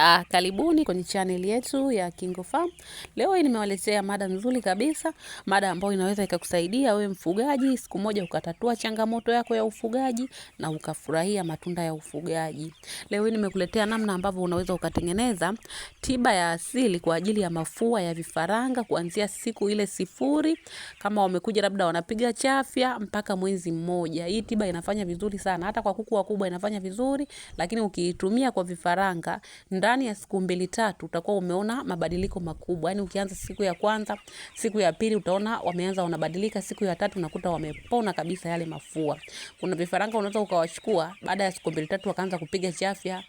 Ah, karibuni kwenye channel yetu ya Kingo Farm. Leo hii nimewaletea mada nzuri kabisa, mada ambayo inaweza ikakusaidia wewe mfugaji siku moja ukatatua changamoto yako ya ufugaji na ukafurahia matunda ya ufugaji. Leo hii nimekuletea namna ambavyo unaweza ukatengeneza tiba ya asili kwa ajili ya mafua ya vifaranga kuanzia siku ile sifuri kama wamekuja labda wanapiga chafya mpaka mwezi mmoja. Hii tiba inafanya vizuri sana hata kwa kuku wakubwa inafanya vizuri, lakini ukiitumia kwa vifaranga nda ndani ya siku mbili tatu utakuwa umeona mabadiliko makubwa. Yani ukianza siku ya kwanza, siku ya pili utaona wameanza wanabadilika, siku ya tatu unakuta wamepona kabisa yale mafua. Kuna vifaranga unaweza ukawachukua baada ya siku mbili tatu wakaanza kupiga chafya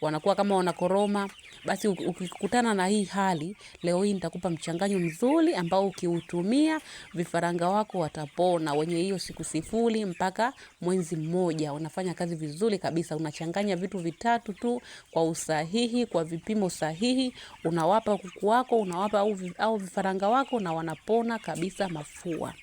wanakuwa kama wanakoroma. Basi ukikutana na hii hali leo hii, nitakupa mchanganyo mzuri ambao ukiutumia vifaranga wako watapona, wenye hiyo siku sifuri mpaka mwezi mmoja. Unafanya kazi vizuri kabisa, unachanganya vitu vitatu tu kwa usahihi, kwa vipimo sahihi, unawapa kuku wako, unawapa au vifaranga wako, na wanapona kabisa mafua.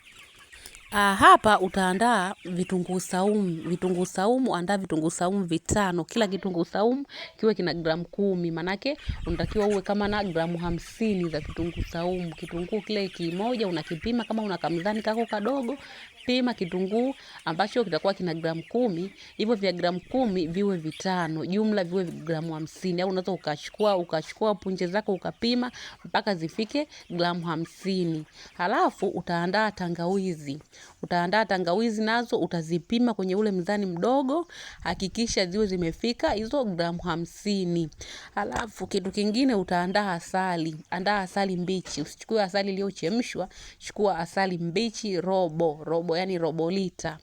Uh, hapa utaandaa vitunguu saumu. Vitunguu saumu, andaa vitunguu saumu vitano. Kila kitunguu saumu kiwe kina gramu kumi, manake unatakiwa uwe kama na gramu hamsini za kitunguu saumu. Kitunguu kile kimoja unakipima, kama una kamzani kako kadogo pima kitunguu ambacho kitakuwa kina gramu kumi. Hivyo vya gramu kumi viwe vitano, jumla viwe gramu hamsini. Au unaweza ukachukua ukachukua punje zako ukapima mpaka zifike gramu hamsini. Halafu utaandaa tangawizi Utaandaa tangawizi nazo utazipima kwenye ule mzani mdogo, hakikisha ziwe zimefika hizo gramu hamsini. Alafu kitu kingine utaandaa asali, andaa asali mbichi, usichukue asali iliyochemshwa, chukua asali mbichi robo, robo yani robo lita.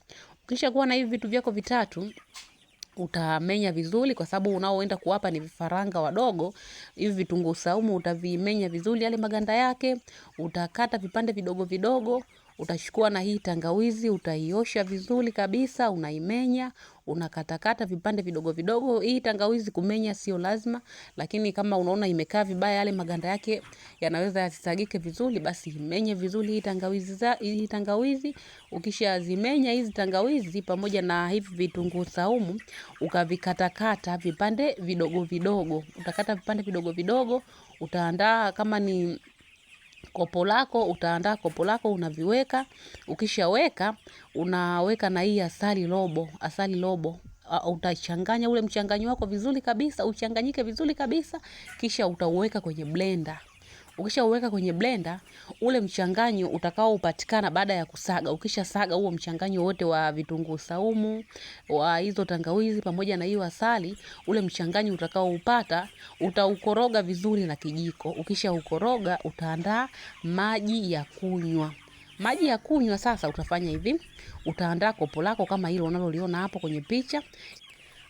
Ukisha kuwa na hivi vitu vyako vitatu utamenya vizuri kwa sababu unaoenda kuwapa ni vifaranga wadogo. Hivi vitunguu saumu utavimenya vizuri yale maganda yake, utakata vipande vidogo vidogo, Utachukua na hii tangawizi, utaiosha vizuri kabisa, unaimenya, unakatakata vipande vidogo vidogo. Hii tangawizi kumenya sio lazima, lakini kama unaona imekaa vibaya, yale maganda yake yanaweza yasisagike vizuri, basi imenye vizuri hii tangawizi za hii tangawizi. Ukishazimenya hizi tangawizi pamoja na hivi vitunguu saumu, ukavikatakata vipande vidogo vidogo, utakata vipande vidogo vidogo, utaandaa kama ni kopo lako, utaandaa kopo lako unaviweka. Ukishaweka unaweka na hii asali robo, asali robo uh, utachanganya ule mchanganyo wako vizuri kabisa, uchanganyike vizuri kabisa, kisha utauweka kwenye blender. Ukishauweka kwenye blender, ule mchanganyo upatikana baada ya kusaga, ukisha saga huo mchanganyo wote wa vitunguu saumu, wa hizo tangawizi pamoja na hiyo asali, ule mchanganyo upata utaukoroga vizuri na kijiko. ukisha ukoroga utaandaa maji ya kunywa. Maji ya kunywa sasa utafanya hivi, utaandaa kopo lako kama hilo unaloliona hapo kwenye picha.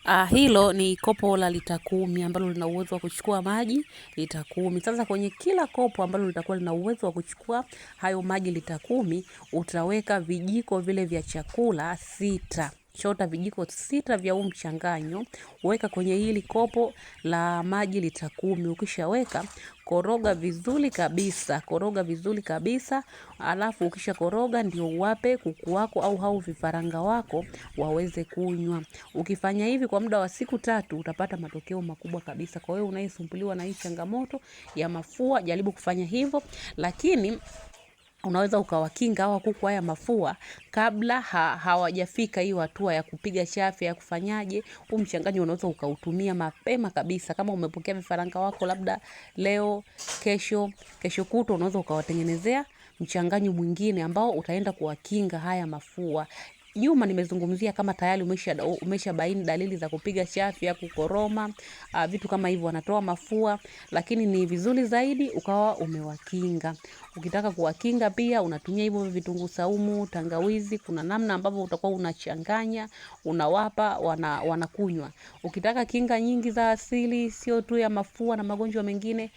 Uh, hilo ni kopo la lita kumi ambalo lina uwezo wa kuchukua maji lita kumi. Sasa kwenye kila kopo ambalo litakuwa lina uwezo wa kuchukua hayo maji lita kumi utaweka vijiko vile vya chakula sita. Chota vijiko sita vya huu mchanganyo, weka kwenye hili kopo la maji lita kumi. Ukishaweka koroga vizuri kabisa, koroga vizuri kabisa. Alafu ukisha koroga, ndio uwape kuku wako au hao vifaranga wako waweze kunywa. Ukifanya hivi kwa muda wa siku tatu, utapata matokeo makubwa kabisa. Kwa hiyo unayesumbuliwa na hii changamoto ya mafua, jaribu kufanya hivyo, lakini unaweza ukawakinga hawa kuku haya mafua kabla ha, hawajafika hiyo hatua ya kupiga chafya ya kufanyaje. Huu mchanganyo unaweza ukautumia mapema kabisa. Kama umepokea vifaranga wako labda leo, kesho, kesho kutwa, unaweza ukawatengenezea mchanganyo mwingine ambao utaenda kuwakinga haya mafua nyuma nimezungumzia kama tayari umesha baini dalili za kupiga chafya, kukoroma, uh, vitu kama hivyo, wanatoa mafua, lakini ni vizuri zaidi ukawa umewakinga. Ukitaka kuwakinga pia unatumia hivyo vitunguu saumu, tangawizi, kuna namna ambavyo utakuwa unachanganya, unawapa wana, wanakunywa. Ukitaka kinga nyingi za asili, sio tu ya mafua na magonjwa mengine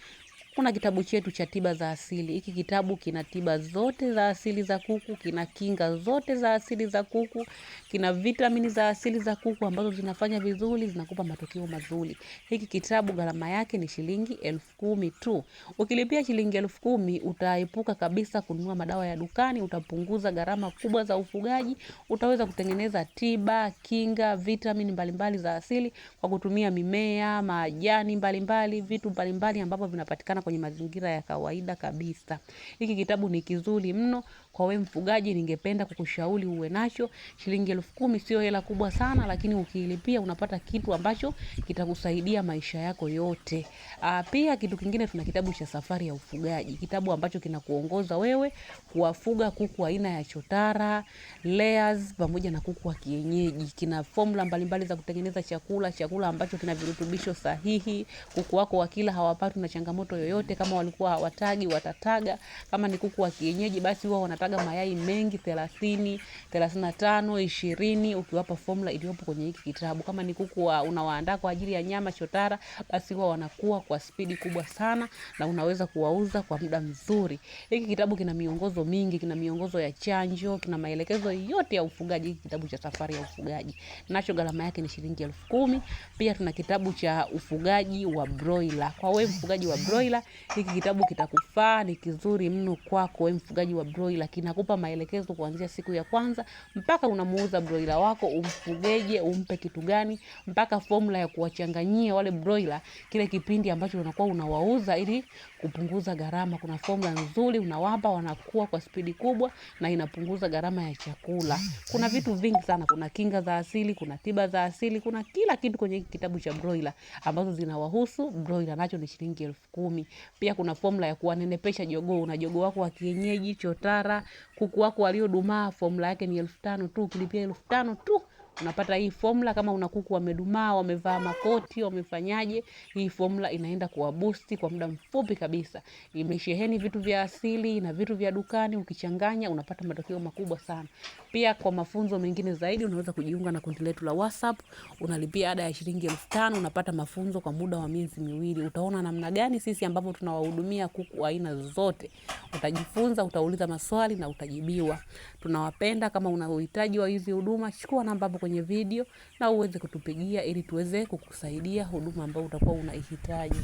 kuna kitabu chetu cha tiba za asili. Hiki kitabu kina tiba zote za asili za kuku, kina kinga zote za asili za kuku, kina vitamini za asili za kuku ambazo zinafanya vizuri, zinakupa matokeo mazuri. Hiki kitabu gharama yake ni shilingi elfu kumi tu. Ukilipia shilingi elfu kumi utaepuka kabisa kununua madawa ya dukani, utapunguza gharama kubwa za ufugaji, utaweza kutengeneza tiba, kinga, vitamini mbalimbali za asili kwa kutumia mimea, majani mbalimbali, vitu mbalimbali ambavyo vinapatikana kwenye mazingira ya kawaida kabisa. Hiki kitabu ni kizuri mno kwa wewe mfugaji, ningependa kukushauri uwe nacho. Shilingi elfu kumi sio hela kubwa sana, lakini ukiilipia unapata kitu ambacho kitakusaidia maisha yako yote. Aa, ah, pia kitu kingine tuna kitabu cha safari ya ufugaji, kitabu ambacho kinakuongoza wewe kuwafuga kuku aina ya chotara, layers pamoja na kuku wa kienyeji. Kina formula mbalimbali za kutengeneza chakula, chakula ambacho kina virutubisho sahihi, kuku wako wakila hawapati na changamoto yoyote yoyote. Kama walikuwa hawatagi watataga. Kama ni kuku wa kienyeji, basi huwa wanataga mayai mengi, 30, 35, 20 ukiwapa formula iliyopo kwenye hiki kitabu. Kama ni kuku wa unawaandaa kwa ajili ya nyama chotara, basi huwa wanakuwa kwa spidi kubwa sana, na unaweza kuwauza kwa muda mzuri. Hiki kitabu kina miongozo mingi, kina miongozo ya chanjo, kina maelekezo yote ya ufugaji. Hiki kitabu cha safari ya ufugaji nacho gharama yake ni shilingi elfu kumi. Pia tuna kitabu cha ufugaji wa broiler kwa wewe mfugaji wa broiler hiki kitabu kitakufaa, ni kizuri mno kwako wewe mfugaji wa broiler. Kinakupa maelekezo kuanzia siku ya kwanza mpaka unamuuza broiler wako, umfugeje, umpe kitu gani, mpaka formula ya kuwachanganyia wale broiler kile kipindi ambacho unakuwa unawauza ili kupunguza gharama. Kuna formula nzuri unawapa, wanakuwa kwa spidi kubwa na inapunguza gharama ya chakula. Kuna vitu vingi sana, kuna kinga za asili, kuna tiba za asili, kuna kila kitu kwenye kitabu cha broiler ambazo zinawahusu broiler, nacho ni shilingi elfu kumi. Pia kuna fomula ya kuwanenepesha jogoo. Una jogoo wako wa kienyeji, chotara, kuku wako waliodumaa, fomula yake ni elfu tano tu, ukilipia elfu tano tu Unapata hii formula kama una kuku wamedumaa, wamevaa makoti, wamefanyaje, hii formula inaenda kuwabusti kwa muda mfupi kabisa. Imesheheni vitu vya asili na vitu vya dukani, ukichanganya unapata matokeo makubwa sana. Pia kwa mafunzo mengine zaidi, unaweza kujiunga na kundi letu la WhatsApp. Unalipia ada ya shilingi elfu tano unapata mafunzo kwa muda wa miezi miwili. Utaona namna gani sisi ambavyo tunawahudumia kuku aina zote. Utajifunza, utauliza maswali na utajibiwa. Tunawapenda. Kama una uhitaji wa hizi huduma, chukua namba hapo kwenye video na uweze kutupigia ili tuweze kukusaidia huduma ambayo utakuwa unaihitaji.